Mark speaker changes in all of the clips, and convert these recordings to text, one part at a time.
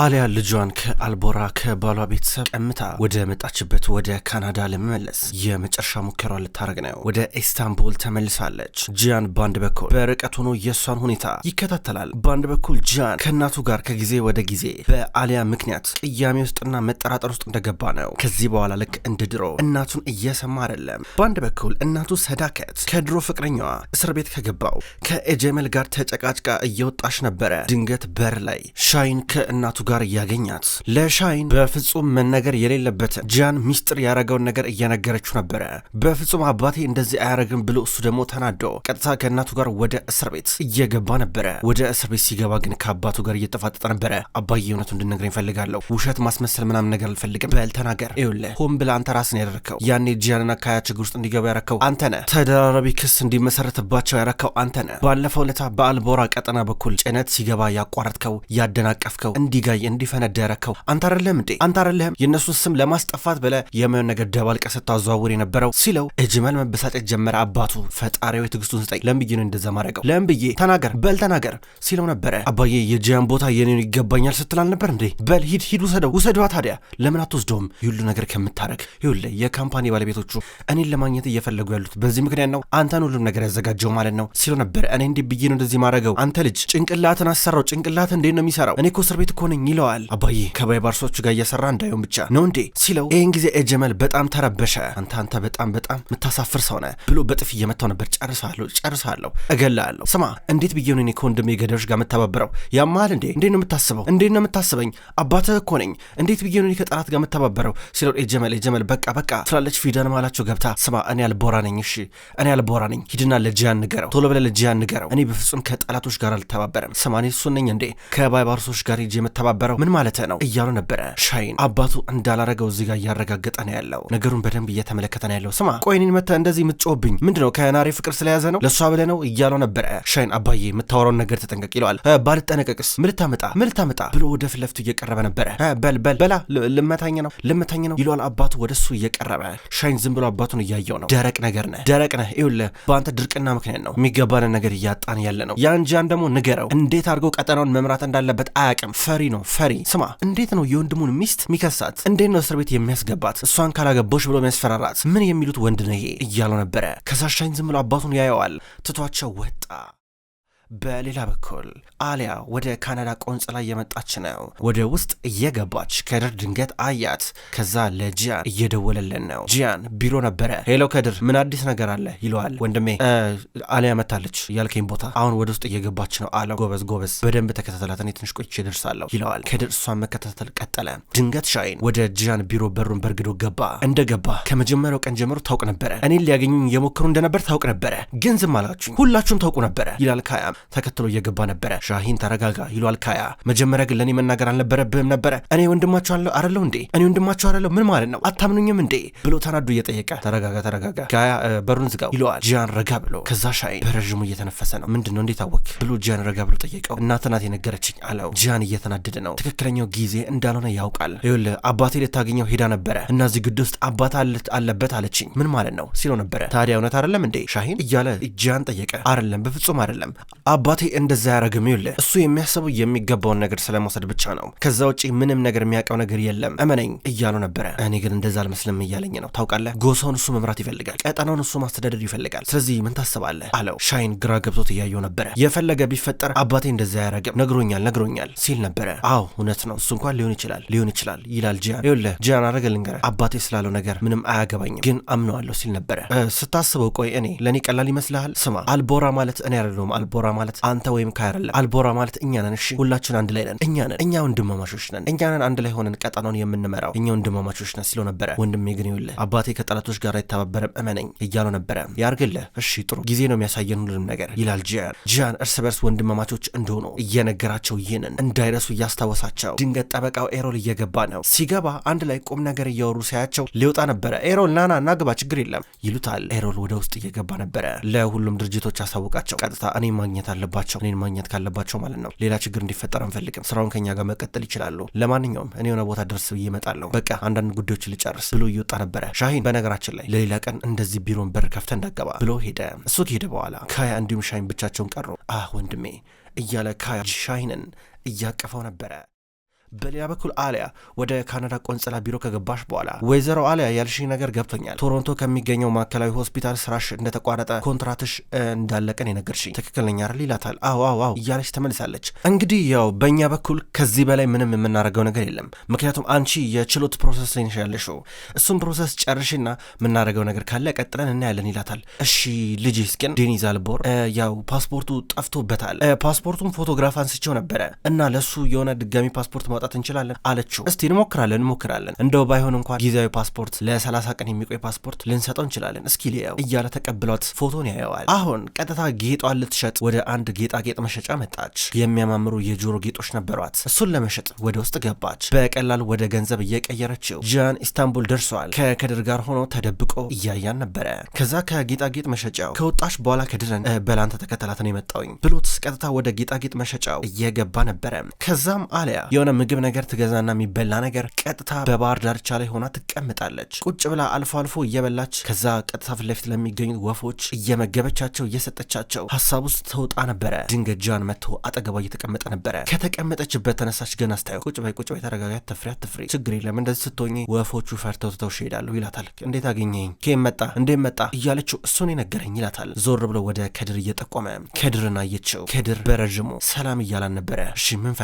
Speaker 1: አሊያ ልጇን ከአልቦራ ከባሏ ቤተሰብ ቀምታ ወደ መጣችበት ወደ ካናዳ ለመመለስ የመጨረሻ ሙከራ ልታደረግ ነው። ወደ ኢስታንቡል ተመልሳለች። ጂያን በአንድ በኩል በርቀት ሆኖ የእሷን ሁኔታ ይከታተላል። በአንድ በኩል ጂያን ከእናቱ ጋር ከጊዜ ወደ ጊዜ በአሊያ ምክንያት ቅያሜ ውስጥና መጠራጠር ውስጥ እንደገባ ነው። ከዚህ በኋላ ልክ እንደ ድሮ እናቱን እየሰማ አይደለም። በአንድ በኩል እናቱ ሰዳከት ከድሮ ፍቅረኛዋ እስር ቤት ከገባው ከኤጀመል ጋር ተጨቃጭቃ እየወጣች ነበረ። ድንገት በር ላይ ሻይን ከእናቱ ጋር እያገኛት ለሻይን በፍጹም መነገር የሌለበት ጂያን ሚስጥር ያረገውን ነገር እየነገረችው ነበረ። በፍጹም አባቴ እንደዚህ አያረግም ብሎ እሱ ደግሞ ተናዶ ቀጥታ ከእናቱ ጋር ወደ እስር ቤት እየገባ ነበረ። ወደ እስር ቤት ሲገባ ግን ከአባቱ ጋር እየተፋጠጠ ነበረ። አባዬ እውነቱ እንድነግረኝ ይፈልጋለሁ። ውሸት ማስመሰል ምናምን ነገር አልፈልግም። በል ተናገር። ይኸውልህ ሆን ብለህ አንተ ራስን ያደረከው ያኔ ጂያንና ካያ ችግር ውስጥ እንዲገባ ያረከው አንተነ። ተደራራቢ ክስ እንዲመሰረትባቸው ያረከው አንተነ። ባለፈው ለታ በአልቦራ ቀጠና በኩል ጭነት ሲገባ ያቋረጥከው፣ ያደናቀፍከው እንዲገ ድንጋይ እንዲፈነዳ ያረከው አንተ አይደለህም እንዴ? አንተ አይደለህም የእነሱን ስም ለማስጠፋት ብለህ የማይሆን ነገር ደባልቀ ስታዘዋውር የነበረው ሲለው እጅመል መበሳጨት ጀመረ። አባቱ ፈጣሪው የትግስቱን ስጠኝ። ለምን ብዬ ነው እንደዛ ማድረገው? ለምን ተናገር፣ በል ተናገር ሲለው ነበረ። አባዬ የጂያን ቦታ የኔን ይገባኛል ስትላል ነበር እንዴ? በል ሂድ፣ ሂድ፣ ውሰደው፣ ውሰደዋ። ታዲያ ለምን አትወስደውም? ይሁሉ ነገር ከምታረግ ይሁላ የካምፓኒ ባለቤቶቹ እኔን ለማግኘት እየፈለጉ ያሉት በዚህ ምክንያት ነው። አንተን ሁሉም ነገር ያዘጋጀው ማለት ነው ሲለው ነበር እኔ እንዴ ብዬ ነው እንደዚህ ማድረገው? አንተ ልጅ ጭንቅላትን አሰራው። ጭንቅላት እንዴት ነው የሚሰራው? እኔ እኮ እስር ቤት እኮ ነኝ ተውኝ ይለዋል። አባዬ ባርሶቹ ጋር እየሰራ እንዳይሆን ብቻ ነው እንዴ ሲለው፣ ይህን ጊዜ ኤጀመል በጣም ተረበሸ። አንተ አንተ በጣም በጣም የምታሳፍር ሰው ነህ ብሎ በጥፍ እየመታው ነበር። ጨርሳለሁ፣ ጨርሳለሁ፣ እገላለሁ። ስማ እንዴት ብዬ ነው እኔ ከወንድሜ ገዳዮች ጋር የምተባበረው? ያማል እንዴ? እንዴት ነው የምታስበው? እንዴት ነው የምታስበኝ? አባትህ እኮ ነኝ። እንዴት ብዬ ነው እኔ ከጠላት ጋር የምተባበረው ሲለው፣ ኤጀመል ኤጀመል በቃ በቃ ትላለች። ፊደን ማላቸው ገብታ ስማ እኔ አልቦራ ነኝ፣ እሺ እኔ አልቦራ ነኝ። ሂድና ለጂያን ንገረው፣ ቶሎ ብለህ ለጂያን ንገረው። እኔ በፍጹም ከጠላቶች ጋር አልተባበረም። ስማ እኔ እሱ ነኝ እንዴ ከባይባርሶች ጋር ሂጅ የምተባ የሚተባበረው ምን ማለት ነው እያሉ ነበረ። ሻይን አባቱ እንዳላረገው እዚህ ጋር እያረጋገጠ ነው ያለው። ነገሩን በደንብ እየተመለከተ ነው ያለው። ስማ ቆይ እኔን እንደዚህ የምትጮብኝ ምንድን ነው? ከናሬ ፍቅር ስለያዘ ነው ለእሷ ብለ ነው እያለው ነበረ። ሻይን አባዬ የምታወራውን ነገር ተጠንቀቅ ይለዋል። ባልጠነቀቅስ ምልታመጣ ምልታመጣ ብሎ ወደ ፊት ለፊቱ እየቀረበ ነበረ። በል በል በላ ልመታኝ ነው ልመታኝ ነው ይለዋል። አባቱ ወደ እሱ እየቀረበ ሻይን ዝም ብሎ አባቱን እያየው ነው። ደረቅ ነገር ነህ ደረቅ ነህ። ይውለ በአንተ ድርቅና ምክንያት ነው የሚገባንን ነገር እያጣን ያለ ነው። ያንጃን ደግሞ ንገረው እንዴት አድርገው ቀጠናውን መምራት እንዳለበት አያውቅም። ፈሪ ነው ነው ፈሪ። ስማ እንዴት ነው የወንድሙን ሚስት የሚከሳት? እንዴት ነው እስር ቤት የሚያስገባት? እሷን ካላገባሽ ብሎ የሚያስፈራራት? ምን የሚሉት ወንድ ነው ይሄ? እያለው ነበረ። ከዛ ሻኝ ዝም ብሎ አባቱን ያየዋል። ትቷቸው ወጣ። በሌላ በኩል አሊያ ወደ ካናዳ ቆንጽላ እየመጣች ነው። ወደ ውስጥ እየገባች ከድር ድንገት አያት። ከዛ ለጂያን እየደወለልን ነው። ጂያን ቢሮ ነበረ። ሄሎ ከድር ምን አዲስ ነገር አለ ይለዋል። ወንድሜ አሊያ መታለች ያልከኝ ቦታ አሁን ወደ ውስጥ እየገባች ነው አለው። ጎበዝ ጎበዝ፣ በደንብ ተከታተላት፣ እኔ ትንሽ ቆይቼ እደርሳለሁ ይለዋል። ከድር እሷን መከታተል ቀጠለ። ድንገት ሻይን ወደ ጂያን ቢሮ በሩን በርግዶ ገባ። እንደ ገባ ከመጀመሪያው ቀን ጀምሮ ታውቅ ነበረ፣ እኔን ሊያገኙኝ እየሞከሩ እንደነበር ታውቅ ነበረ፣ ግን ዝም አላችሁኝ፣ ሁላችሁም ታውቁ ነበረ ይላል ካያም ተከትሎ እየገባ ነበረ። ሻሂን ተረጋጋ ይሏል ካያ። መጀመሪያ ግን ለእኔ መናገር አልነበረብህም ነበረ። እኔ ወንድማቸው አለው አረለው እንዴ? እኔ ወንድማቸው አረለው ምን ማለት ነው? አታምኑኝም እንዴ? ብሎ ተናዶ እየጠየቀ ተረጋጋ፣ ተረጋጋ ካያ በሩን ዝጋው ይለዋል። ጂያን ረጋ ብሎ ከዛ ሻሂን በረዥሙ እየተነፈሰ ነው። ምንድን ነው እንዴት አወቅ ብሎ ጂያን ረጋ ብሎ ጠየቀው። እናት ናት የነገረችኝ አለው። ጂያን እየተናደደ ነው። ትክክለኛው ጊዜ እንዳልሆነ ያውቃል። ይኸውልህ አባቴ ልታገኘው ሄዳ ነበረ እና እዚህ ግድ ውስጥ አባት አለበት አለችኝ። ምን ማለት ነው ሲለው ነበረ። ታዲያ እውነት አይደለም እንዴ ሻሂን እያለ ጂያን ጠየቀ። አይደለም በፍጹም አይደለም አባቴ እንደዛ ያረግም ይል እሱ የሚያስበው የሚገባውን ነገር ስለመውሰድ ብቻ ነው። ከዛ ውጪ ምንም ነገር የሚያውቀው ነገር የለም እመነኝ እያሉ ነበረ። እኔ ግን እንደዛ አልመስልም እያለኝ ነው። ታውቃለህ፣ ጎሳውን እሱ መምራት ይፈልጋል፣ ቀጠናውን እሱ ማስተዳደር ይፈልጋል። ስለዚህ ምን ታስባለህ አለው። ሻይን ግራ ገብቶት እያየው ነበረ። የፈለገ ቢፈጠር አባቴ እንደዛ ያረግም ነግሮኛል፣ ነግሮኛል ሲል ነበረ። አዎ እውነት ነው፣ እሱ እንኳን ሊሆን ይችላል፣ ሊሆን ይችላል ይላል ጂያን። ይኸውልህ ጂያን አረገ ልንገረ አባቴ ስላለው ነገር ምንም አያገባኝም፣ ግን አምነዋለሁ ሲል ነበረ። ስታስበው ቆይ እኔ ለእኔ ቀላል ይመስልሃል? ስማ አልቦራ ማለት እኔ አይደለሁም አልቦራ ማለት አንተ ወይም ካይረለን አልቦራ ማለት እኛ ነን። እሺ ሁላችን አንድ ላይ ነን። እኛ ነን፣ እኛ ወንድማማቾች ነን። እኛ ነን አንድ ላይ ሆነን ቀጠናውን የምንመራው እኛ ወንድማማቾች ነን ሲለው ነበረ። ወንድሜ ግን ይውልህ አባቴ ከጠላቶች ጋር አይተባበረም እመነኝ እያለው ነበረ። ያርግልህ። እሺ ጥሩ ጊዜ ነው የሚያሳየን ሁሉንም ነገር ይላል ጂያን። ጂያን እርስ በርስ ወንድማማቾች እንደሆኑ እየነገራቸው ይህንን እንዳይረሱ እያስታወሳቸው፣ ድንገት ጠበቃው ኤሮል እየገባ ነው። ሲገባ አንድ ላይ ቁም ነገር እያወሩ ሳያቸው ሊወጣ ነበረ። ኤሮል ናና እናግባ ችግር የለም ይሉታል። ኤሮል ወደ ውስጥ እየገባ ነበረ። ለሁሉም ድርጅቶች አሳውቃቸው ቀጥታ እኔ ማግኘት ማግኘት አለባቸው፣ እኔን ማግኘት ካለባቸው ማለት ነው። ሌላ ችግር እንዲፈጠር አንፈልግም። ስራውን ከኛ ጋር መቀጠል ይችላሉ። ለማንኛውም እኔ የሆነ ቦታ ደርስ ብዬ እመጣለሁ፣ በቃ አንዳንድ ጉዳዮች ልጨርስ ብሎ እየወጣ ነበረ። ሻሂን በነገራችን ላይ ለሌላ ቀን እንደዚህ ቢሮን በር ከፍተ እንዳገባ ብሎ ሄደ። እሱ ከሄደ በኋላ ካያ እንዲሁም ሻሂን ብቻቸውን ቀሩ። አህ ወንድሜ እያለ ካያ ሻሂንን እያቀፈው ነበረ። በሌላ በኩል አሊያ ወደ ካናዳ ቆንጽላ ቢሮ ከገባሽ በኋላ ወይዘሮ አሊያ ያልሽኝ ነገር ገብቶኛል። ቶሮንቶ ከሚገኘው ማዕከላዊ ሆስፒታል ስራሽ እንደተቋረጠ ኮንትራትሽ እንዳለቀን የነገርሽኝ ትክክለኛ አይደል? ይላታል። አዎ አዎ አዎ እያለች ተመልሳለች። እንግዲህ ያው በእኛ በኩል ከዚህ በላይ ምንም የምናደርገው ነገር የለም። ምክንያቱም አንቺ የችሎት ፕሮሰስ ላይ ነሽ ያለሽው። እሱን ፕሮሰስ ጨርሽና የምናደርገው ነገር ካለ ቀጥለን እናያለን ይላታል። እሺ ልጅ ስቅን ዴኒዝ አልቦር ያው ፓስፖርቱ ጠፍቶበታል። ፓስፖርቱን ፎቶግራፍ አንስቸው ነበረ እና ለሱ የሆነ ድጋሚ ፓስፖርት ማውጣት እንችላለን አለችው። እስቲ እንሞክራለን እንሞክራለን፣ እንደው ባይሆን እንኳን ጊዜያዊ ፓስፖርት ለ30 ቀን የሚቆይ ፓስፖርት ልንሰጠው እንችላለን፣ እስኪ ልየው እያለ ተቀብሏት ፎቶን ያየዋል። አሁን ቀጥታ ጌጧን ልትሸጥ ወደ አንድ ጌጣጌጥ መሸጫ መጣች። የሚያማምሩ የጆሮ ጌጦች ነበሯት። እሱን ለመሸጥ ወደ ውስጥ ገባች። በቀላል ወደ ገንዘብ እየቀየረችው። ጃን ኢስታንቡል ደርሷል። ከከድር ጋር ሆኖ ተደብቆ እያያን ነበረ። ከዛ ከጌጣጌጥ መሸጫው ከወጣች በኋላ ከድረን በላንተ ተከተላት ነው የመጣውኝ ብሎት ቀጥታ ወደ ጌጣጌጥ መሸጫው እየገባ ነበረ። ከዛም አሊያ የሆነ ምግብ ነገር ትገዛና የሚበላ ነገር ቀጥታ በባህር ዳርቻ ላይ ሆና ትቀምጣለች። ቁጭ ብላ አልፎ አልፎ እየበላች ከዛ ቀጥታ ፊት ለፊት ለሚገኙት ወፎች እየመገበቻቸው እየሰጠቻቸው ሀሳብ ውስጥ ተውጣ ነበረ። ድንገት ጃን መጥቶ አጠገቧ እየተቀመጠ ነበረ። ከተቀመጠችበት ተነሳች። ገና አስታየው ቁጭ በይ ቁጭ በይ ተረጋጋ፣ ትፍሬ አትፍሪ፣ ችግር የለም እንደዚህ ስትሆኝ ወፎቹ ፈርተው ትተውሽ ይሄዳሉ ይላታል። እንዴት አገኘኝ? ከየት መጣ? እንዴት መጣ? እያለችው እሱን የነገረኝ ይላታል። ዞር ብሎ ወደ ከድር እየጠቆመ ከድርን አየችው። ከድር በረዥሙ ሰላም እያላን ነበረ። እሺ ምን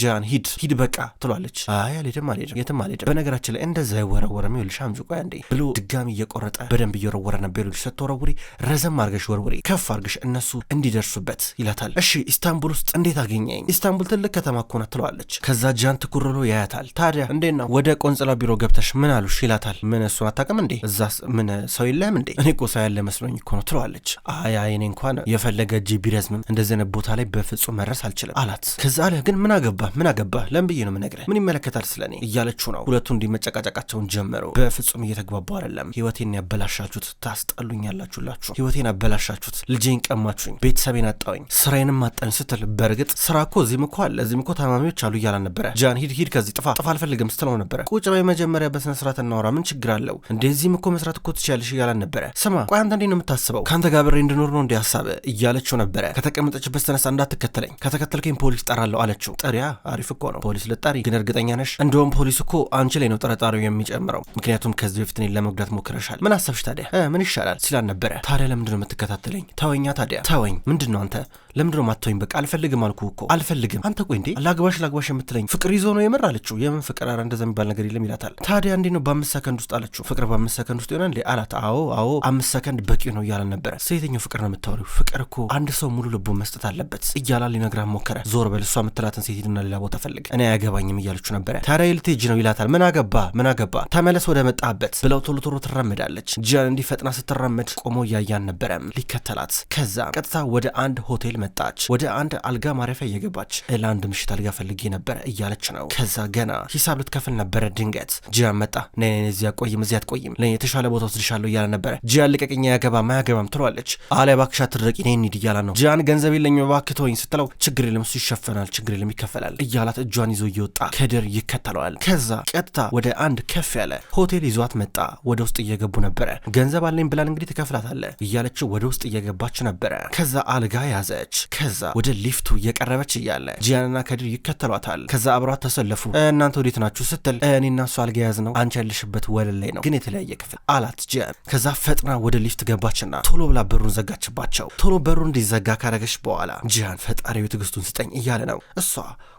Speaker 1: ጃን ሂድ ሂድ በቃ በቃ ትሏለች። አይ አልሄድም አልሄድም የትም አልሄድም። በነገራችን ላይ እንደዛ አይወረወረም። ይኸውልሽ አምጪ ቆይ አንዴ ብሎ ድጋሚ እየቆረጠ በደንብ እየወረወረ ነበር። ይኸውልሽ ስትወረውሪ ረዘም አርገሽ ወርውሪ፣ ከፍ አርገሽ እነሱ እንዲደርሱበት ይላታል። እሺ ኢስታንቡል ውስጥ እንዴት አገኘኝ? ኢስታንቡል ትልቅ ከተማ እኮ ናት ትለዋለች። ከዛ ጃን ትኩርሎ ያያታል። ታዲያ እንዴት ነው ወደ ቆንጽላ ቢሮ ገብተሽ ምን አሉሽ? ይላታል። ምን እሱን አታውቅም እንዴ? እዛ ምን ሰው የለም እንዴ? እኔ እኮ ሰው ያለ መስሎኝ እኮ ነው ትለዋለች። አይ አይ እኔ እንኳን የፈለገ እጅ ቢረዝምም እንደዚህ ዓይነት ቦታ ላይ በፍጹም መድረስ አልችልም አላት። ከዛ አለ ግን ምን አገባ ምን አገባ ለምብዬ ነው የምነግርህ። ምን ይመለከታል ስለኔ እያለችው ነው። ሁለቱ እንዲመጨቃጨቃቸውን ጀመሩ። በፍጹም እየተግባቡ አይደለም። ህይወቴን ያበላሻችሁት፣ ታስጠሉኛላችሁላችሁ። ህይወቴን አበላሻችሁት፣ ልጄን ቀማችሁኝ፣ ቤተሰቤን አጣሁኝ፣ ስራዬንም አጣኝ ስትል በእርግጥ ስራ እኮ እዚህም እኮ አለ፣ እዚህም እኮ ታማሚዎች አሉ እያላ ነበረ። ጃን ሂድ ሂድ፣ ከዚህ ጥፋ ጥፋ፣ አልፈልግም ስትለው ነበረ። ቁጭ በይ መጀመሪያ በስነ ስርዓት እናወራ፣ ምን ችግር አለው እንዴ? እዚህም እኮ መስራት እኮ ትችያለሽ እያላን ነበረ። ስማ ቆይ አንተ እንዴት ነው የምታስበው? ከአንተ ጋር ብሬ እንድኖር ነው እንዲ ሀሳብ እያለችው ነበረ። ከተቀመጠችበት ተነሳ፣ እንዳትከተለኝ ከተከተልከኝ ፖሊስ ጠራለሁ አለችው። ጥሪያ አሪፍ እኮ ነው ፖሊስ ልጠሪ ግን እርግጠኛ ነሽ? እንደውም ፖሊስ እኮ አንቺ ላይ ነው ጥርጣሬው የሚጨምረው፣ ምክንያቱም ከዚህ በፊት እኔን ለመጉዳት ሞክረሻል። ምን አሰብሽ ታዲያ ምን ይሻላል ሲላል ነበረ። ታዲያ ለምንድነው የምትከታተለኝ? ተወኛ ታዲያ ተወኝ። ምንድን ነው አንተ ለምንድነው ማታወኝ? በቃ አልፈልግም አልኩ እኮ አልፈልግም። አንተ ቆይ እንዴ ላግባሽ ላግባሽ የምትለኝ ፍቅር ይዞ ነው የምር አለችው። የምን ፍቅር አረ እንደዛ የሚባል ነገር የለም ይላታል። ታዲያ እንዴ ነው በአምስት ሰከንድ ውስጥ አለችው። ፍቅር በአምስት ሰከንድ ውስጥ ይሆናል አላት። አዎ አዎ አምስት ሰከንድ በቂ ነው እያለ ነበረ። ስለየትኛው ፍቅር ነው የምታወሪው? ፍቅር እኮ አንድ ሰው ሙሉ ልቦ መስጠት አለበት እያላ ሊነግራት ሞከረ። ዞር በል እሷ የምትላትን ሴት ሂድና ሌላ ቦታ ፈልግ እኔ አያገባኝም እያለችው ነበረ። ታዲያ የልትሄጂ ነው ይላታል። ምን አገባ ምን አገባ ተመለስ ወደ መጣበት ብለው ቶሎ ቶሎ ትራመዳለች። ጂያን እንዲህ ፈጥና ስትራመድ ቆሞ እያያን ነበረ ሊከተላት። ከዛ ቀጥታ ወደ አንድ ሆቴል መጣች። ወደ አንድ አልጋ ማረፊያ እየገባች ለአንድ ምሽት አልጋ ፈልጌ ነበረ እያለች ነው። ከዛ ገና ሂሳብ ልትከፍል ነበረ። ድንገት ጂያን መጣ። ነኔ ዚ እዚህ አትቆይም፣ እዚህ አትቆይም፣ የተሻለ ቦታ ወስድሻለሁ እያለ ነበረ። ጂያን ልቀቅኝ፣ አያገባም፣ አያገባም ትሏለች። አሊያ ባክሻ ትድረቂ፣ ነይ እንሂድ እያላ ነው። ጂያን ገንዘብ የለኝም እባክህ ተወኝ ስትለው ችግር የለም እሱ ይሸፈናል፣ ችግር የለም ይከፈላል እያላት እጇን ይዞ እየወጣ ከድር ይከተለዋል። ከዛ ቀጥታ ወደ አንድ ከፍ ያለ ሆቴል ይዟት መጣ። ወደ ውስጥ እየገቡ ነበረ። ገንዘብ አለኝ ብላን እንግዲህ ትከፍላታለህ እያለችው ወደ ውስጥ እየገባች ነበረ። ከዛ አልጋ ያዘች። ሄደች። ከዛ ወደ ሊፍቱ እየቀረበች እያለ ጂያንና ከድር ይከተሏታል። ከዛ አብሯት ተሰለፉ። እናንተ ወዴት ናችሁ ስትል እኔና እሱ አልጋ ነው፣ አንቺ ያለሽበት ወለል ላይ ነው፣ ግን የተለያየ ክፍል አላት ጂያን። ከዛ ፈጥና ወደ ሊፍት ገባችና ቶሎ ብላ በሩን ዘጋችባቸው። ቶሎ በሩ እንዲዘጋ ካረገች በኋላ ጂያን ፈጣሪው ትዕግስቱን ስጠኝ እያለ ነው። እሷ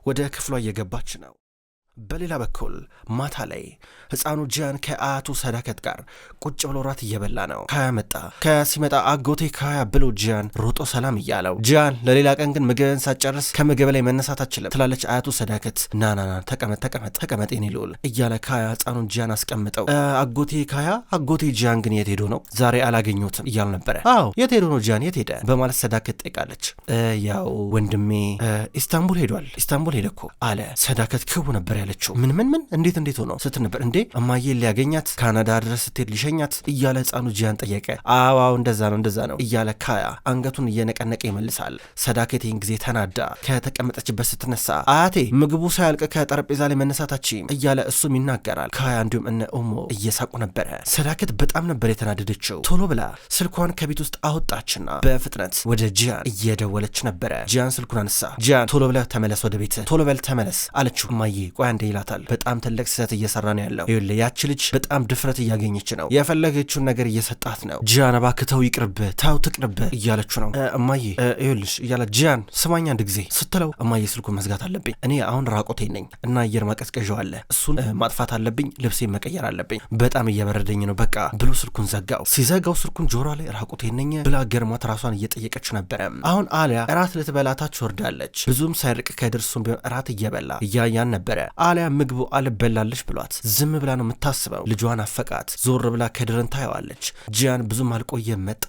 Speaker 1: ወደ ክፍሏ እየገባች ነው። በሌላ በኩል ማታ ላይ ህፃኑ ጃን ከአያቱ ሰዳከት ጋር ቁጭ ብሎ ራት እየበላ ነው። ካያ መጣ። ካያ ሲመጣ አጎቴ ካያ ብሎ ጃን ሮጦ ሰላም እያለው፣ ጃን ለሌላ ቀን ግን ምግብን ሳጨርስ ከምግብ ላይ መነሳት አችልም ትላለች አያቱ ሰዳከት። ናናና ተቀመጥ ተቀመጥ ተቀመጥ የኔ እያለ ካያ ሕፃኑን ጃን አስቀምጠው፣ አጎቴ ካያ አጎቴ ጃን ግን የት ሄዶ ነው ዛሬ አላገኘትም እያሉ ነበረ። አዎ የት ሄዶ ነው ጃን የት ሄደ በማለት ሰዳከት ጠይቃለች። ያው ወንድሜ ኢስታንቡል ሄዷል ኢስታንቡል ሄደ አለ ሰዳከት ክቡ ነበረ ያለችው ምን ምን ምን እንዴት እንዴት ሆኖ ስት ነበር። እንዴ እማዬ ሊያገኛት ካናዳ ድረስ ስትሄድ ሊሸኛት እያለ ህፃኑ ጂያን ጠየቀ። አዋው እንደዛ ነው እንደዛ ነው እያለ ካያ አንገቱን እየነቀነቀ ይመልሳል። ሰዳኬቴን ጊዜ ተናዳ ከተቀመጠችበት ስትነሳ አያቴ ምግቡ ሳያልቅ ከጠረጴዛ ላይ መነሳታች እያለ እሱም ይናገራል። ካያ እንዲሁም እነ ኦሞ እየሳቁ ነበረ። ሰዳኬት በጣም ነበር የተናደደችው። ቶሎ ብላ ስልኳን ከቤት ውስጥ አወጣችና በፍጥነት ወደ ጂያን እየደወለች ነበረ። ጂያን ስልኩን አነሳ። ጂያን ቶሎ ብለህ ተመለስ፣ ወደ ቤት ቶሎ በል ተመለስ አለችው። እማዬ ቆያ አንዴ ይላታል። በጣም ትልቅ ስህተት እየሰራ ነው ያለው። ይኸውልህ ያቺ ልጅ በጣም ድፍረት እያገኘች ነው፣ የፈለገችውን ነገር እየሰጣት ነው። ጂያን እባክህ ተው ይቅርብህ፣ ተው ትቅርብህ እያለችው ነው። እማዬ ይኸውልሽ እያላት ጂያን ስማኝ አንድ ጊዜ ስትለው እማዬ ስልኩን መዝጋት አለብኝ እኔ አሁን ራቆቴ ነኝ እና አየር ማቀዝቀዣ አለ እሱን ማጥፋት አለብኝ፣ ልብሴ መቀየር አለብኝ፣ በጣም እየበረደኝ ነው በቃ ብሎ ስልኩን ዘጋው። ሲዘጋው ስልኩን ጆሮ ላይ ራቆቴ ነኝ ብላ ገርሟት ራሷን እየጠየቀች ነበረ። አሁን አሊያ እራት ልትበላታች ወርዳለች። ብዙም ሳይርቅ ከድርሱም ቢሆን እራት እየበላ እያያን ነበረ። አሊያ ምግቡ አልበላለች ብሏት ዝም ብላ ነው የምታስበው። ልጇን አፈቃት። ዞር ብላ ከድርን ታየዋለች። ጂያን ብዙም አልቆየ መጣ።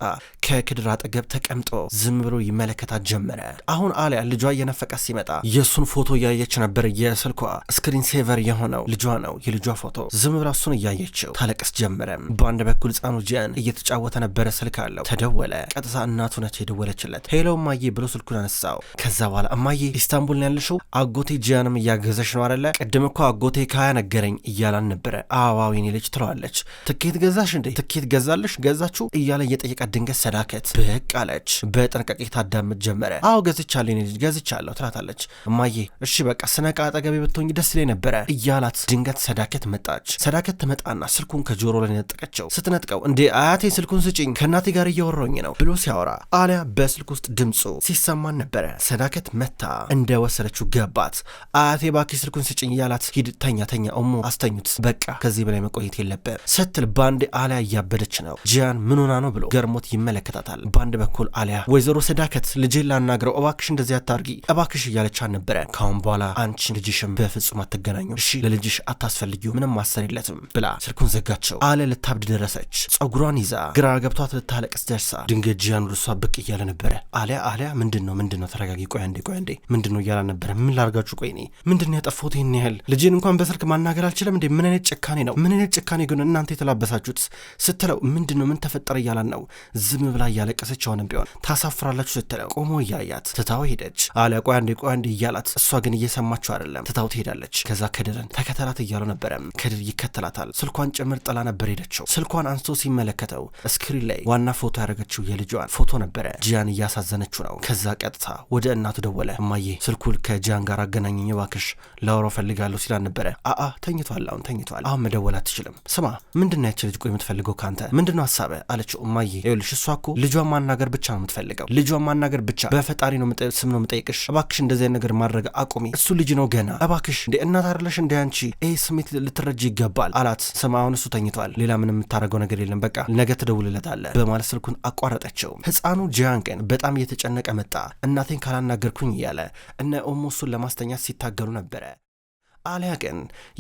Speaker 1: ከክድር አጠገብ ተቀምጦ ዝም ብሎ ይመለከታት ጀመረ። አሁን አሊያ ልጇ እየነፈቃት ሲመጣ የእሱን ፎቶ እያየች ነበር። የስልኳ ስክሪን ሴቨር የሆነው ልጇ ነው። የልጇ ፎቶ ዝም ብላ እሱን እያየችው ታለቅስ ጀመረ። በአንድ በኩል ህፃኑ ጂያን እየተጫወተ ነበረ። ስልክ አለው። ተደወለ። ቀጥታ እናቱ ነች የደወለችለት። ሄሎ እማዬ ብሎ ስልኩን አነሳው። ከዛ በኋላ እማዬ ኢስታንቡል ነው ያለሽው? አጎቴ ጂያንም እያገዘሽ ነው አለ ቅድም እኮ አጎቴ ካያ ነገረኝ እያላን ነበረ። አዋው የኔ ልጅ ትለዋለች። ትኬት ገዛሽ እንዴ? ትኬት ገዛለሽ? ገዛችሁ? እያለ እየጠየቃት ድንገት ሰዳከት ብቅ አለች። በጥንቃቄ ታዳምጥ ጀመረ። አዎ ገዝቻለሁ የኔ ልጅ ገዝቻለሁ ትላታለች። እማዬ እሺ በቃ ስነቃ አጠገቤ ብትሆኝ ደስ ይለኝ ነበረ እያላት ድንገት ሰዳከት መጣች። ሰዳከት ትመጣና ስልኩን ከጆሮ ላይ ነጠቀችው። ስትነጥቀው እንዴ አያቴ ስልኩን ስጭኝ ከእናቴ ጋር እያወራኝ ነው ብሎ ሲያወራ አሊያ በስልክ ውስጥ ድምፁ ሲሰማን ነበረ። ሰዳከት መታ እንደወሰደችው ገባት። አያቴ ባኪ ስልኩን ስጭኝ እያላት ሂድ ተኛ ተኛ እሞ አስተኙት፣ በቃ ከዚህ በላይ መቆየት የለብም ስትል በአንድ አሊያ እያበደች ነው። ጂያን ምን ነው ብሎ ገርሞት ይመለከታታል። በአንድ በኩል አሊያ ወይዘሮ ሰዳከት ልጄን ላናግረው እባክሽ፣ እንደዚህ አታርጊ እባክሽ እያለች ነበረ። ካሁን በኋላ አንቺ ልጅሽም በፍጹም አትገናኙ እሺ፣ ለልጅሽ አታስፈልጊው ምንም ማሰር የለትም ብላ ስልኩን ዘጋቸው። አሊያ ልታብድ ደረሰች። ጸጉሯን ይዛ ግራ ገብቷት ልታለቅስ ደርሳ ድንገት ጂያን ወደ ብቅ እያለ ነበረ። አሊያ አሊያ ምንድን ነው ምንድን ነው? ተረጋጊ ቆይ አንዴ ምንድን ነው እያላ ነበረ። ምን ላርጋችሁ? ቆይኔ ምንድን ነው ያጠፋሁት ይህን ያህል ልጄን እንኳን በስልክ ማናገር አልችልም እንዴ? ምን አይነት ጭካኔ ነው? ምን አይነት ጭካኔ ግን እናንተ የተላበሳችሁት ስትለው፣ ምንድን ነው ምን ተፈጠረ እያላን ነው። ዝም ብላ እያለቀሰች አሁንም ቢሆን ታሳፍራላችሁ ስትለው፣ ቆሞ እያያት ትታው ሄደች አለ። ቆይ አንዴ ቆይ አንዴ እያላት፣ እሷ ግን እየሰማችሁ አይደለም። ትታው ትሄዳለች። ከዛ ከድርን ተከተላት እያለው ነበረ። ከድር ይከተላታል። ስልኳን ጭምር ጥላ ነበር ሄደችው። ስልኳን አንስቶ ሲመለከተው ስክሪን ላይ ዋና ፎቶ ያደረገችው የልጇን ፎቶ ነበረ። ጂያን እያሳዘነችው ነው። ከዛ ቀጥታ ወደ እናቱ ደወለ። እማዬ ስልኩል ከጂያን ጋር አገናኘኝ እባክሽ ላውራው ፈልግ እፈልጋለሁ ሲላን ነበረ። አአ ተኝቷል፣ አሁን ተኝቷል፣ አሁን መደወል አትችልም። ስማ ነው ያች ልጅ ቆይ የምትፈልገው ካንተ ምንድነው ሀሳበ አለችው። እማዬ ይኸውልሽ እሷ እኮ ልጇን ማናገር ብቻ ነው የምትፈልገው፣ ልጇን ማናገር ብቻ። በፈጣሪ ነው ስም ነው የምጠይቅሽ፣ እባክሽ እንደዚህ ነገር ማድረግ አቁሚ፣ እሱ ልጅ ነው ገና፣ እባክሽ እንደ እናት አይደለሽ እንደ አንቺ ይሄ ስሜት ልትረጅ ይገባል አላት። ስማ አሁን እሱ ተኝቷል፣ ሌላ ምን የምታደርገው ነገር የለም፣ በቃ ነገ ትደውልለታለህ በማለት ስልኩን አቋረጠችው። ህፃኑ ጂያን ቀን በጣም እየተጨነቀ መጣ። እናቴን ካላናገርኩኝ እያለ እነ ኦሞሱን ለማስተኛት ሲታገሉ ነበረ። አሊያ ግን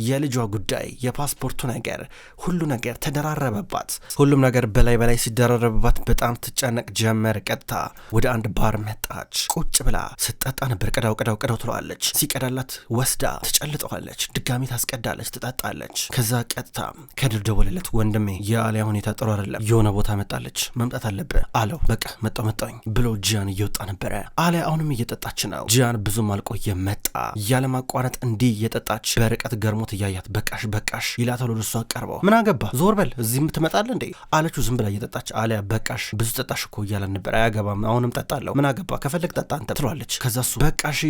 Speaker 1: የልጇ ጉዳይ፣ የፓስፖርቱ ነገር፣ ሁሉ ነገር ተደራረበባት። ሁሉም ነገር በላይ በላይ ሲደራረበባት በጣም ትጨነቅ ጀመር። ቀጥታ ወደ አንድ ባር መጣች። ቁጭ ብላ ስትጠጣ ነበር። ቅዳው ቅዳው ቅዳው ትለዋለች። ሲቀዳላት ወስዳ ትጨልጠዋለች። ድጋሚ ታስቀዳለች፣ ትጠጣለች። ከዛ ቀጥታ ከድር ደወለለት። ወንድሜ የአሊያ ሁኔታ ጥሩ አይደለም፣ የሆነ ቦታ መጣለች፣ መምጣት አለብህ አለው። በቃ መጣው መጣኝ ብሎ ጂያን እየወጣ ነበረ። አሊያ አሁንም እየጠጣች ነው። ጂያን ብዙም አልቆየ መጣ። ያለማቋረጥ እንዲህ እየጠጣ እየመጣች በርቀት ገርሞት እያያት በቃሽ በቃሽ ይላታል። ወደ እሷ ቀርበው ምን አገባ ዞር በል እዚህም ትመጣለ እንዴ አለችው። ዝም ብላ እየጠጣች አሊያ በቃሽ ብዙ ጠጣሽ እኮ እያለ ነበር። አያገባም አሁንም ጠጣለሁ ምን አገባ ከፈለግ ጠጣ አንተ ትለዋለች። ከዛ እሱ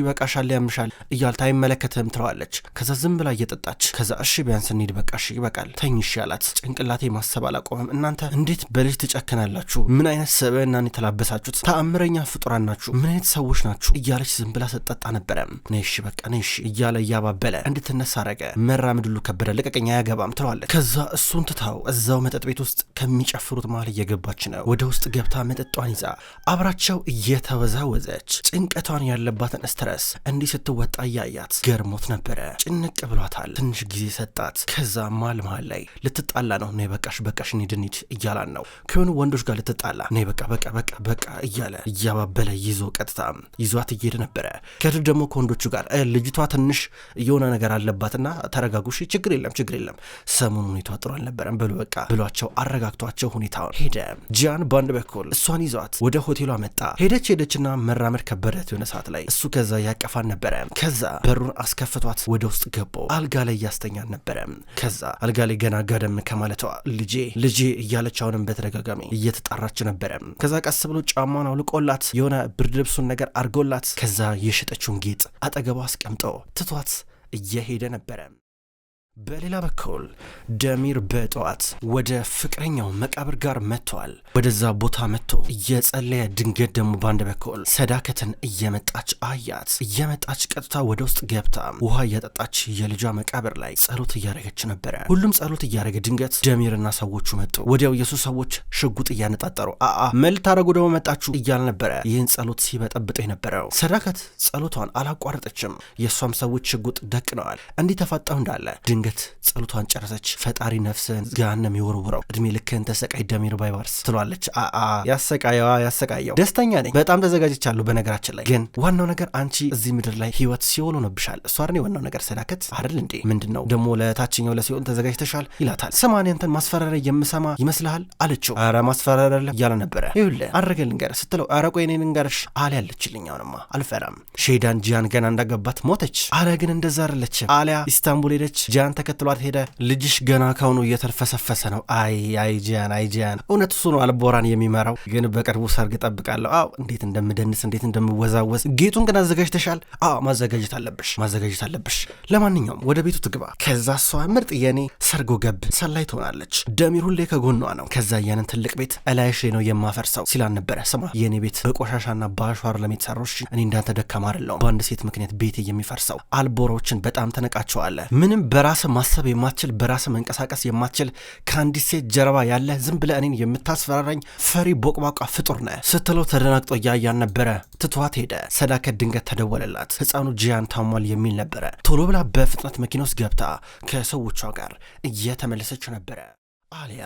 Speaker 1: በቃሽ አለ ያምሻል እያልታ አይመለከትም ትለዋለች። ከዛ ዝም ብላ እየጠጣች ከዛ እሺ ቢያንስ እንሂድ በቃሽ ይበቃል ተኝሽ ያላት ጭንቅላቴ ማሰብ አላቆመም። እናንተ እንዴት በልጅ ትጨክናላችሁ? ምን አይነት ሰብዕናን የተላበሳችሁት ተአምረኛ ፍጡራን ናችሁ። ምን አይነት ሰዎች ናችሁ? እያለች ዝም ብላ ስትጠጣ ነበረም። ነሽ በቃ ነሽ እያለ እያባበለ እንድትነሳ አረገ። መራመድ ሁሉ ከበደ። ልቀቀኝ አያገባም ትለዋለች። ከዛ እሱን ትታው እዛው መጠጥ ቤት ውስጥ ከሚጨፍሩት መሀል እየገባች ነው። ወደ ውስጥ ገብታ መጠጧን ይዛ አብራቸው እየተወዛወዘች ጭንቀቷን ያለባትን ስትረስ እንዲህ ስትወጣ እያያት ገርሞት ነበረ። ጭንቅ ብሏታል። ትንሽ ጊዜ ሰጣት። ከዛ መሃል መሀል ላይ ልትጣላ ነው ነው በቃሽ በቃሽ ኒድኒድ እያላን ነው ከሆኑ ወንዶች ጋር ልትጣላ ነው በቃ በቃ በቃ በቃ እያለ እያባበለ ይዞ ቀጥታ ይዟት እየሄደ ነበረ። ከድር ደግሞ ከወንዶቹ ጋር ልጅቷ ትንሽ የሆነ ነገር ነገር አለባትና ተረጋጉሽ፣ ችግር የለም ችግር የለም ሰሞኑን ሁኔታ ጥሩ አልነበረም ብሎ በቃ ብሏቸው አረጋግቷቸው ሁኔታውን ሄደ። ጂያን በአንድ በኩል እሷን ይዟት ወደ ሆቴሏ መጣ። ሄደች ሄደችና መራመድ ከበደት የሆነ ሰዓት ላይ እሱ ከዛ ያቀፋን ነበረ። ከዛ በሩን አስከፍቷት ወደ ውስጥ ገቦ አልጋ ላይ እያስተኛን ነበረ። ከዛ አልጋ ላይ ገና ጋደም ከማለቷ ልጄ ልጄ እያለች አሁንም በተደጋጋሚ እየተጣራች ነበረ። ከዛ ቀስ ብሎ ጫማን አውልቆላት የሆነ ብርድ ልብሱን ነገር አድርጎላት ከዛ የሸጠችውን ጌጥ አጠገቧ አስቀምጦ ትቷት Yehiden Berem. በሌላ በኩል ደሚር በጠዋት ወደ ፍቅረኛው መቃብር ጋር መጥቷል። ወደዛ ቦታ መጥቶ እየጸለየ ድንገት ደግሞ በአንድ በኩል ሰዳከትን እየመጣች አያት። እየመጣች ቀጥታ ወደ ውስጥ ገብታ ውሃ እያጠጣች የልጇ መቃብር ላይ ጸሎት እያደረገች ነበረ። ሁሉም ጸሎት እያደረገ ድንገት ደሚርና ሰዎቹ መጡ። ወዲያው የሱ ሰዎች ሽጉጥ እያነጣጠሩ አአ መል ታደረጉ ደግሞ መጣችሁ እያል ነበረ ይህን ጸሎት ሲበጠብጥ የነበረው። ሰዳከት ጸሎቷን አላቋረጠችም። የእሷም ሰዎች ሽጉጥ ደቅነዋል። እንዲህ ተፋጠው እንዳለ በድንገት ጸሎቷን ጨረሰች። ፈጣሪ ነፍስህን ገሃነም ይወርውረው፣ እድሜ ልክህን ተሰቃይ፣ ደሚር ባይባርስ ትሏለች። አአ ያሰቃየዋ ያሰቃየው። ደስተኛ ነኝ፣ በጣም ተዘጋጅቻለሁ። በነገራችን ላይ ግን ዋናው ነገር አንቺ እዚህ ምድር ላይ ህይወት ሲኦል ሆነብሻል። እሷ አይደል ዋናው ነገር ሰዳከት አይደል እንዴ? ምንድን ነው ደግሞ ለታችኛው ለሲኦል ተዘጋጅተሻል ይላታል። ሰማን ያንተን ማስፈራሪያ የምሰማ ይመስልሃል አለችው። አረ ማስፈራሪያ እያለ ነበረ። ይሁለ አድርገ ልንገር ስትለው አረ ቆይ እኔ ልንገርሽ አለ ያለችልኝ። አሁንማ አልፈራም። ሼዳን ጂያን ገና እንዳገባት ሞተች። አለ ግን እንደዛ አይደለችም። አሊያ ኢስታንቡል ሄደች ጂያን ጂያን ተከትሏት ሄደ። ልጅሽ ገና ካሁኑ እየተልፈሰፈሰ ነው። አይ አይ ጂያን፣ አይ ጂያን፣ እውነት እሱ ነው አልቦራን የሚመራው። ግን በቅርቡ ሰርግ ጠብቃለሁ። አዎ እንዴት እንደምደንስ እንዴት እንደምወዛወዝ። ጌጡን ግን አዘጋጅተሻል? አዎ ማዘጋጀት አለብሽ፣ ማዘጋጀት አለብሽ። ለማንኛውም ወደ ቤቱ ትግባ። ከዛ እሷ ምርጥ የኔ ሰርጎ ገብ ሰላይ ትሆናለች። ደሚር ሁሌ ከጎኗ ነው። ከዛ እያንን ትልቅ ቤት እላይሽ ነው የማፈርሰው ሲላን ነበረ። ስማ የእኔ ቤት በቆሻሻና በአሸዋር ለሚተሰሮች እኔ እንዳንተ ደካማ አይደለሁም። በአንድ ሴት ምክንያት ቤቴ የሚፈርሰው አልቦሮችን በጣም ተነቃቸዋለ። ምንም በራስ ማሰብ የማትችል በራስ መንቀሳቀስ የማትችል ከአንዲት ሴት ጀርባ ያለ ዝም ብለ እኔን የምታስፈራራኝ ፈሪ ቦቅባቋ ፍጡር ነ ስትለው ተደናግጦ እያያን ነበረ። ትቷት ሄደ። ሰዳከት ድንገት ተደወለላት። ህፃኑ ጂያን ታሟል የሚል ነበረ። ቶሎ ብላ በፍጥነት መኪና ውስጥ ገብታ ከሰዎቿ ጋር እየተመለሰች ነበረ። አሊያ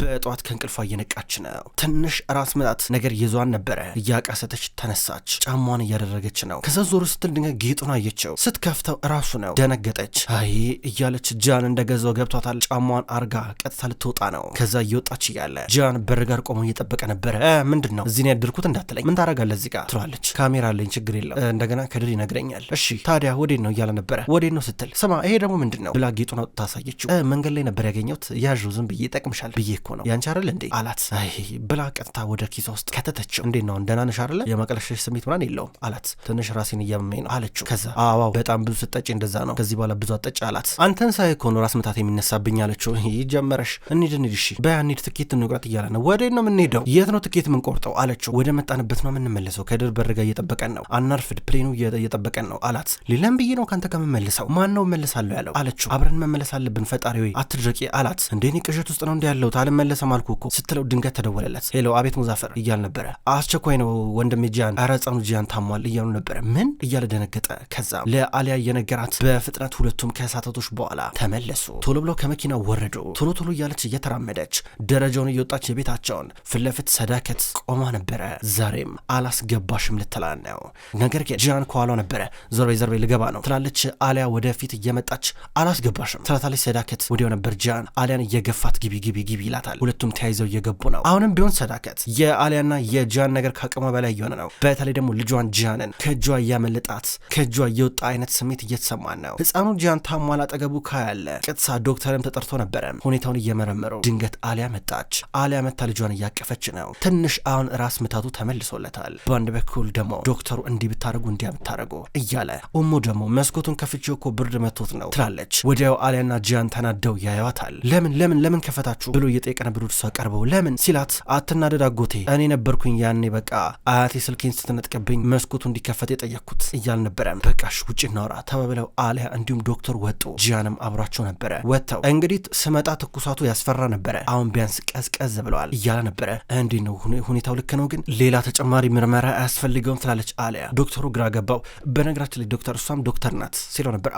Speaker 1: በጠዋት ከእንቅልፏ እየነቃች ነው። ትንሽ ራስ ምታት ነገር ይዟን ነበረ። እያቃሰተች ተነሳች። ጫሟን እያደረገች ነው። ከዛ ዞር ስትል ድንገት ጌጡን አየችው። ስትከፍተው ራሱ ነው። ደነገጠች። አይ እያለች ጃን እንደገዛው ገብቷታል። ጫሟን አርጋ ቀጥታ ልትወጣ ነው። ከዛ እየወጣች እያለ ጃን በር ጋር ቆሞ እየጠበቀ ነበረ። ምንድን ነው እዚህ ነው ያደርኩት እንዳትለኝ፣ ምን ታደርጋለህ እዚህ ጋር ትሏለች። ካሜራ አለኝ ችግር የለው እንደገና ከድር ይነግረኛል። እሺ ታዲያ ወዴት ነው እያለ ነበረ። ወዴት ነው ስትል ስማ ይሄ ደግሞ ምንድን ነው ብላ ጌጡን አውጥታ አሳየችው። መንገድ ላይ ነበር ያገኘሁት ያዥው ዝም ብዬ ጠቅምሻለሁ ብዬ እኮ ነው ያንቺ አይደል እንዴ አላት። አይ ብላ ቀጥታ ወደ ኪሷ ውስጥ ከተተችው። እንዴ ነው ደህና ነሽ አይደለ? የማቅለሽለሽ ስሜት ምናምን የለውም አላት። ትንሽ ራሴን እያመመኝ ነው አለችው። ከዛ አዋው በጣም ብዙ ስጠጪ እንደዛ ነው፣ ከዚህ በኋላ ብዙ አጠጭ አላት። አንተን ሳይ እኮ ነው ራስ ምታት የሚነሳብኝ አለችው። ይጀመረሽ እንሂድ እንሂድ፣ እሺ በያኒድ ትኬት እንቁረጥ እያለ ነው። ወዴት ነው የምንሄደው? የት ነው ትኬት የምንቆርጠው? አለችው። ወደ መጣንበት ነው የምንመለሰው። ከድር በርጋ እየጠበቀን ነው፣ አናርፍድ፣ ፕሌኑ እየጠበቀን ነው አላት። ሌላም ብዬ ነው ከአንተ ከምመልሰው ማን ነው መለሳለሁ ያለው አለችው። አብረን መመለስ አለብን ፈጣሪ ወይ አትድረቂ አላት። እንዴ ንቅሽ ቅዠት ውስጥ ነው እንዲ ያለሁት አልመለሰም አልኩ እኮ ስትለው ድንገት ተደወለለት። ሄሎ፣ አቤት ሙዛፈር እያል ነበረ። አስቸኳይ ነው ወንድም ጂያን፣ ኧረ ሕፃኑ ጂያን ታሟል እያሉ ነበረ። ምን እያለ ደነገጠ። ከዛ ለአሊያ የነገራት በፍጥነት ሁለቱም ከሳተቶች በኋላ ተመለሱ። ቶሎ ብለው ከመኪና ወረዱ። ቶሎ ቶሎ እያለች እየተራመደች ደረጃውን እየወጣች የቤታቸውን ፊት ለፊት ሰዳከት ቆማ ነበረ። ዛሬም አላስገባሽም ልትላን ነው። ነገር ግን ጂያን ከኋሏ ነበረ። ዞርቤ ዞርቤ ልገባ ነው ትላለች። አሊያ ወደፊት እየመጣች አላስገባሽም ትላታለች ሰዳከት። ወዲያው ነበር ጂያን አሊያን እየገፋ በመግፋት ግቢ ግቢ ግቢ ይላታል። ሁለቱም ተያይዘው እየገቡ ነው። አሁንም ቢሆን ሰዳከት የአሊያና የጂያን ነገር ካቅሟ በላይ እየሆነ ነው። በተለይ ደግሞ ልጇን ጂያንን ከእጇ እያመለጣት ከእጇ እየወጣ አይነት ስሜት እየተሰማን ነው። ህፃኑ ጂያን ታሟል። አጠገቡ ካያለ ቅጥሳ ዶክተርም ተጠርቶ ነበረ ሁኔታውን እየመረመሩ። ድንገት አሊያ መጣች። አሊያ መታ ልጇን እያቀፈች ነው። ትንሽ አሁን ራስ ምታቱ ተመልሶለታል። በአንድ በኩል ደግሞ ዶክተሩ እንዲህ ብታደረጉ እንዲያ ብታደረጉ እያለ ሞ ደግሞ መስኮቱን ከፍቼ እኮ ብርድ መቶት ነው ትላለች። ወዲያው አሊያና ጂያን ተናደው ያየዋታል። ለምን ለምን ለምን ለምን ከፈታችሁ ብሎ እየጠየቀ ነበር። ወደ ቀርበው ለምን ሲላት አትናደድ አጎቴ፣ እኔ ነበርኩኝ ያኔ በቃ አያቴ ስልኬን ስትነጥቅብኝ መስኮቱ እንዲከፈት የጠየቅኩት እያል ነበረ። በቃሽ ውጭ እናውራ ተባብለው አሊያ እንዲሁም ዶክተር ወጡ። ጂያንም አብሯቸው ነበረ። ወጥተው እንግዲህ ስመጣ ትኩሳቱ ያስፈራ ነበረ። አሁን ቢያንስ ቀዝቀዝ ብለዋል እያለ ነበረ። እንዲ ነው ሁኔታው ልክ ነው ግን ሌላ ተጨማሪ ምርመራ አያስፈልገውም ትላለች አሊያ። ዶክተሩ ግራ ገባው። በነገራችን ላይ ዶክተር እሷም ዶክተር ናት ሲለው ነበር።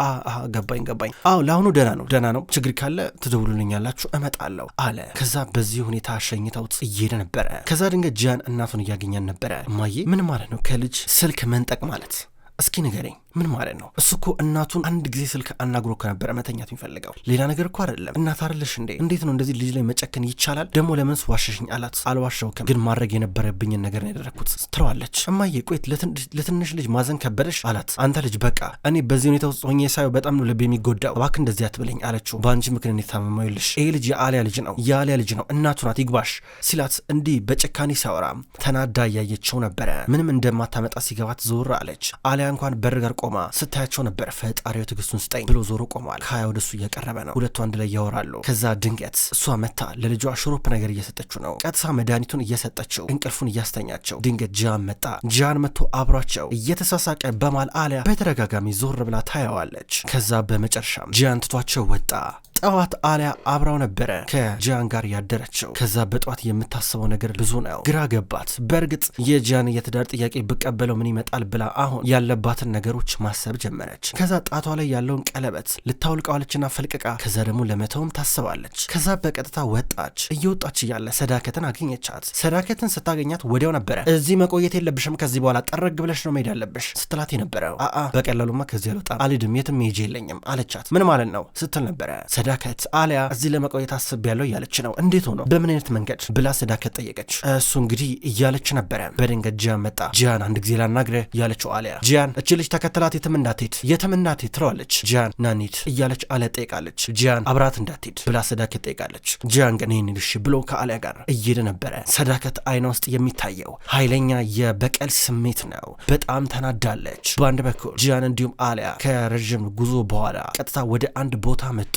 Speaker 1: ገባኝ ገባኝ። አዎ ለአሁኑ ደና ነው ደና ነው፣ ችግር ካለ ትደውሉልኛላችሁ እመጣለሁ አለ። ከዛ በዚህ ሁኔታ አሸኝተው እየሄደ ነበረ። ከዛ ድንገት ጃን እናቱን እያገኛን ነበረ። እማዬ ምን ማለት ነው ከልጅ ስልክ መንጠቅ ማለት? እስኪ ንገረኝ ምን ማለት ነው? እሱ እኮ እናቱን አንድ ጊዜ ስልክ አናግሮ ከነበረ መተኛት የሚፈልገው ሌላ ነገር እኮ አይደለም። እናት አይደለሽ እንዴ? እንዴት ነው እንደዚህ ልጅ ላይ መጨከን ይቻላል? ደግሞ ለምንስ ዋሸሽኝ አላት። አልዋሸሁም፣ ግን ማድረግ የነበረብኝን ነገር ነው ያደረግኩት ትለዋለች። እማዬ ቆይት ለትንሽ ልጅ ማዘን ከበደሽ አላት። አንተ ልጅ በቃ እኔ በዚህ ሁኔታ ውስጥ ሆኜ ሳየው በጣም ነው ልብ የሚጎዳው። እባክህ እንደዚህ አትበለኝ አለችው። በአንቺ ምክንያት የታመመው። ይኸውልሽ ልጅ የአሊያ ልጅ ነው የአሊያ ልጅ ነው እናቱ ናት፣ ይግባሽ ሲላት እንዲህ በጭካኔ ሲያወራ ተናዳ እያየችው ነበረ። ምንም እንደማታመጣ ሲገባት ዞር አለች። አሊያ እንኳን በር ጋር ቆ ቆማ ስታያቸው ነበር። ፈጣሪው ትግስቱን ስጠኝ ብሎ ዞሮ ቆሟል። ካያ ወደሱ እየቀረበ ነው። ሁለቱ አንድ ላይ ያወራሉ። ከዛ ድንገት እሷ መታ ለልጇ ሽሮፕ ነገር እየሰጠችው ነው። ቀጥሳ መድኃኒቱን እየሰጠችው እንቅልፉን እያስተኛቸው ድንገት ጃን መጣ። ጃን መጥቶ አብሯቸው እየተሳሳቀ በማል አሊያ በተደጋጋሚ ዞር ብላ ታየዋለች። ከዛ በመጨረሻም ጃን ትቷቸው ወጣ። ጠዋት አሊያ አብራው ነበረ ከጃን ጋር ያደረችው። ከዛ በጠዋት የምታስበው ነገር ብዙ ነው፣ ግራ ገባት። በእርግጥ የጃን የትዳር ጥያቄ ብቀበለው ምን ይመጣል ብላ አሁን ያለባትን ነገሮች ማሰብ ጀመረች። ከዛ ጣቷ ላይ ያለውን ቀለበት ልታውልቀዋለችና ፈልቅቃ፣ ከዛ ደግሞ ለመተውም ታስባለች። ከዛ በቀጥታ ወጣች። እየወጣች እያለ ሰዳከትን አገኘቻት። ሰዳከትን ስታገኛት ወዲያው ነበረ እዚህ መቆየት የለብሽም ከዚህ በኋላ ጠረግ ብለሽ ነው መሄድ ያለብሽ ስትላት የነበረው። አአ በቀላሉማ ከዚህ አልወጣም አልድም የትም ሄጄ የለኝም አለቻት። ምን ማለት ነው ስትል ነበረ ሰዳከት አሊያ እዚህ ለመቆየት ያለው እያለች ነው። እንዴት ሆኖ በምን አይነት መንገድ ብላ ሰዳከት ጠየቀች። እሱ እንግዲህ እያለች ነበረ። በድንገት ጂያን መጣ። ጂያን አንድ ጊዜ ላናግረ እያለችው አሊያ ጂያን እች ልጅ ተከተላት፣ የትም እንዳትሄድ፣ የትም እንዳትሄድ ትለዋለች። ጂያን ናኒት እያለች አሊያ ጠይቃለች። ጂያን አብራት እንዳትሄድ ብላ ሰዳከት ጠይቃለች። ጂያን ግን ይህን ልሽ ብሎ ከአሊያ ጋር እየሄደ ነበረ። ሰዳከት አይና ውስጥ የሚታየው ኃይለኛ የበቀል ስሜት ነው። በጣም ተናዳለች። በአንድ በኩል ጂያን እንዲሁም አሊያ ከረዥም ጉዞ በኋላ ቀጥታ ወደ አንድ ቦታ መጡ።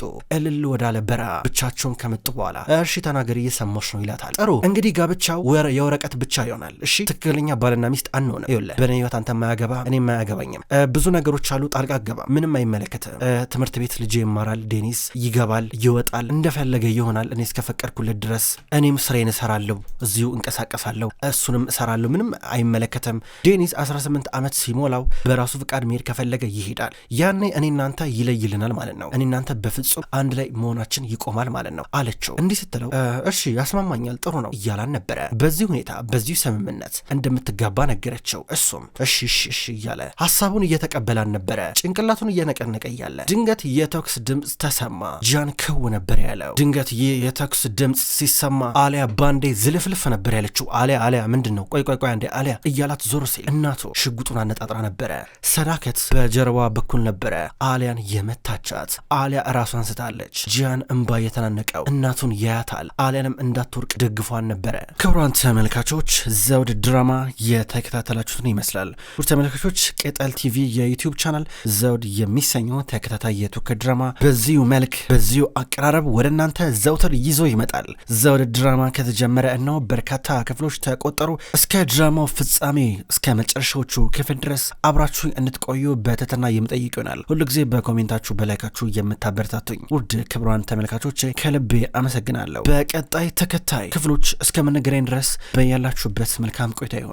Speaker 1: ቅልል ወዳለ በረሃ ብቻቸውን ከመጡ በኋላ እሺ ተናገር እየሰማሽ ነው ይላታል። ጥሩ እንግዲህ ጋብቻው የወረቀት ብቻ ይሆናል። እሺ ትክክለኛ ባልና ሚስት አንሆነ ይለ በእኔ ህይወት አንተ ማያገባ እኔ ማያገባኝም ብዙ ነገሮች አሉ፣ ጣልቃ አገባ ምንም አይመለከትም። ትምህርት ቤት ልጅ ይማራል፣ ዴኒስ ይገባል፣ ይወጣል፣ እንደፈለገ ይሆናል። እኔ እስከፈቀድኩለት ድረስ እኔም ስራዬን እሰራለሁ፣ እዚሁ እንቀሳቀሳለሁ፣ እሱንም እሰራለሁ። ምንም አይመለከትም። ዴኒስ 18 ዓመት ሲሞላው በራሱ ፍቃድ መሄድ ከፈለገ ይሄዳል። ያኔ እኔ እናንተ ይለይልናል ማለት ነው። እኔ እናንተ በፍጹም አንድ አንድ ላይ መሆናችን ይቆማል ማለት ነው አለችው። እንዲህ ስትለው እሺ ያስማማኛል፣ ጥሩ ነው እያላን ነበረ። በዚህ ሁኔታ በዚሁ ስምምነት እንደምትጋባ ነገረችው። እሱም እሺ እሺ እያለ ሀሳቡን እየተቀበላን ነበረ። ጭንቅላቱን እየነቀነቀ እያለ ድንገት የተኩስ ድምፅ ተሰማ። ጃን ክው ነበር ያለው። ድንገት ይህ የተኩስ ድምፅ ሲሰማ አሊያ ባንዴ ዝልፍልፍ ነበር ያለችው። አሊያ አሊያ ምንድን ነው? ቆይ ቆይ ቆይ አንዴ አሊያ እያላት ዞር ሲል እናቱ ሽጉጡን አነጣጥራ ነበረ። ሰዳከት በጀርባ በኩል ነበረ አሊያን የመታቻት። አሊያ ራሷን ስታለ ትወድቃለች። ጂያን እምባ የተናነቀው እናቱን ያያታል። አሊያንም እንዳትወርቅ ደግፏን ነበረ። ክቡራን ተመልካቾች ዘውድ ድራማ የተከታተላችሁትን ይመስላል። ውድ ተመልካቾች ቅጠል ቲቪ የዩቲዩብ ቻናል ዘውድ የሚሰኘው ተከታታይ የቱርክ ድራማ በዚሁ መልክ በዚሁ አቀራረብ ወደ እናንተ ዘውትር ይዞ ይመጣል። ዘውድ ድራማ ከተጀመረ እነው በርካታ ክፍሎች ተቆጠሩ። እስከ ድራማው ፍጻሜ እስከ መጨረሻዎቹ ክፍል ድረስ አብራችሁ እንድትቆዩ በትህትና የምጠይቅ ይሆናል። ሁሉ ጊዜ በኮሜንታችሁ በላይካችሁ የምታበረታቱኝ ውድ ውድ ክብሯን ተመልካቾች ከልቤ አመሰግናለሁ። በቀጣይ ተከታይ ክፍሎች እስከምንገናኝ ድረስ በያላችሁበት መልካም ቆይታ ይሆን።